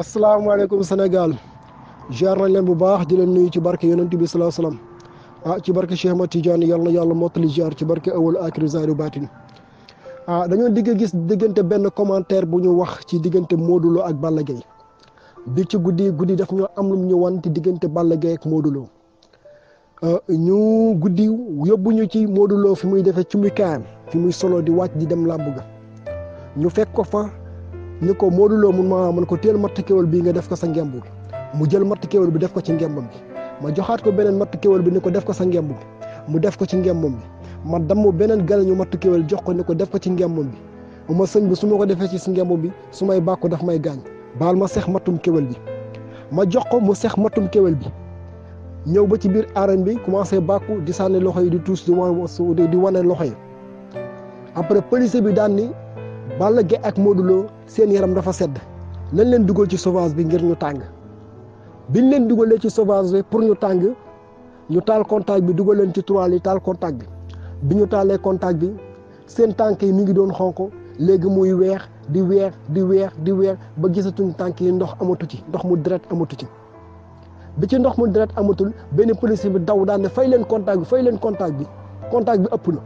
asalaamaaleykum senegal jaar nañ leen bu baax di leen nuyu ci barke yonent bi salaa salaam ah ci barke Cheikh Ahmad Tidiane yàlla na yàlla li jaar ci barke awal akiri zahiru baatin ah dañoo digg gis diggante benn commentaire bu ñu wax ci diggante Modou Lo ak Balla Gaye bi ci guddi guddi daf ñoo am lu ñu wan ci diggante Balla Gaye ak Modou ah, ñu guddi yóbbu ñu ci Modou Lo fi muy defee ci muy kaayam fi muy solo di wàcc di dem laa ga ñu fekk ko fa. ni ko Modou Lo mun ma mun ko teel matt kéwél bii nga def ko sa ngemb mu jël matt kéwél bi def ko ci ngembam bi ma joxaat ko beneen matt kéwél bi ni ko def ko sa ngemb bi mu def ko ci ngembam bi ma damm beneen galañu matt kéwél jox ko ni ko def ko ci ngembam bi ma sëñ bi su ma ko defee ci si ngembam bi su may bàkku daf may gaañ baal ma seex mattum kéwél bi ma jox ko mu sex mattum kéwél bi ñëw ba ci biir arène bi commencé bàkku di sànni loxo yi di tuus di wane di wane loxo yi après police bi daan ni Balla Gaye ak Modou seen yaram dafa sedd nañ leen dugal ci sauvage bi ngir ñu tàng biñ leen dugalee ci sauvage bi pour ñu tàng ñu taal contact bi dugal leen ci toile yi taal contact bi bi ñu taalee contact bi seen tànk yi mi ngi doon xonk léegi muy weex di weex di weex di weex ba gisatuñ tànk yi ndox amatu ci ndox mu deret amatu ci bi ci ndox mu deret amatul benn policier bi daw daan ne fay leen contact bi fay leen contact bi contact bi ëpp na.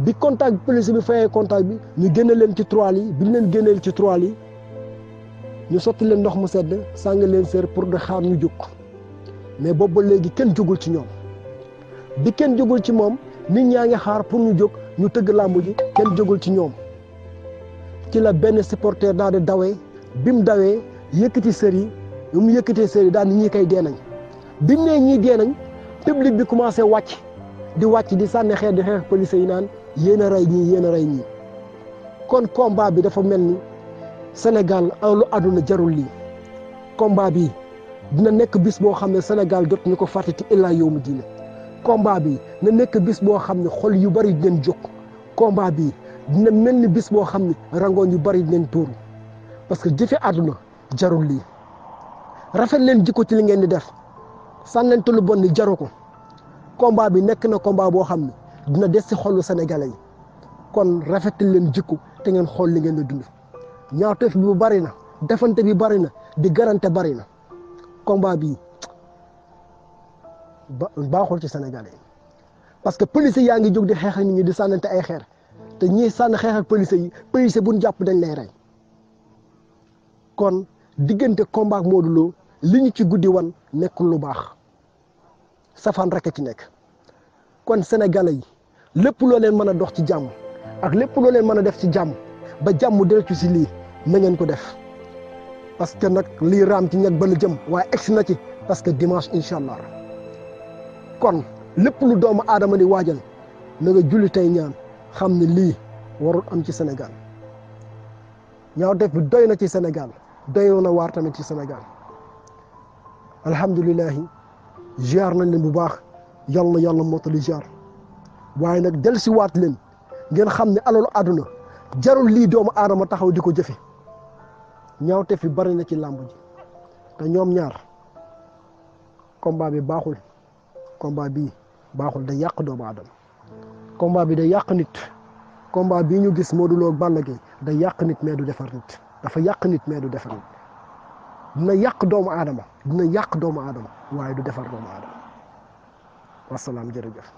bi contact police bi fayee contact bi ñu génne leen ci trois yi bi ñu leen génneel ci trois yi ñu sotti ndox mu sedd sàng leen seer pour de xaar ñu jóg mais boobu ba léegi kenn jógul ci ñoom bi kenn jógul ci moom nit ñaa ngi xaar pour ñu jóg ñu tëgg làmb ji kenn jógul ci ñoom ci la benn supporter daal di dawe bi mu dawee yëkkati sër yi mu yëkkatee sër yi daal di ñii koy dee nañ bi mu nee ñii dee nañ public bi commencé wàcc di wàcc di sànni xeer di xeex naan. yéen a rey ñii yéen a rey ñii kon combat bi dafa mel ni Sénégal en lu àdduna jarul lii combat bi dina nekk bis boo xam ne Sénégal dot ñu ko fàtte ci illaa yow mi diine combat bi na nekk bis boo xam ne xol yu bari dinañ jóg combat bi dina mel ni bis boo xam ne rangoon yu bari dinañ tuur parce que jëfe àdduna jarul lii rafet leen jikko ci li ngeen di def sànnante lu bon ni jaru ko combat bi nekk na combat boo xam ne dina des si xolu Sénégalais yi kon rafet leen jikko te ngeen xool li ngeen di dund ñaawteef bi bu bari na defante bi bari na di garante bari na combat bi baaxul ci Sénégalais yi parce que policiers yaa ngi jóg di xeex ak nit ñi di sànnante ay xeer te ñiy sànn xeexal ak yi policiers bu ñu jàpp dañ lay rey kon diggante combat ak Modou Lo li ñu ci guddi wan nekkul lu baax safaan rek ci nekk kon Sénégalais yi. lépp loo leen mën a dox ci jàmm ak lépp loo leen mën a def ci jàmm ba jàmm deltu si lii na ngeen ko def parce que nag lii raam ci ñag ba la jëm waaye egsi na ci parce que dimanche incha allah kon lépp lu doomu aadama di waajal na nga jullit tey ñaan xam ne lii warul am ci senegal ñaaw def doy na ci senegal doyoon na waar tamit ci Sénégal alhamdulilahi jaar nañ leen bu baax yàlla yàlla mottali jaar waaye nag dellusiwaat leen ngeen xam ne alalu àdduna jarul lii doomu aadama taxaw di ko jëfe te fi bari na ci làmb ji te ñoom ñaar komba bi baaxul komba bi baaxul da yàq doomu aadama komba bi day yàq nit komba bi ñu gis Modou Lo ak Balla Gaye day yàq nit mais du defar nit dafa yàq nit mais du defar nit dina yàq doomu aadama dina yàq doomu aadama waaye du defar doomu aadama wasalaam jërëjëf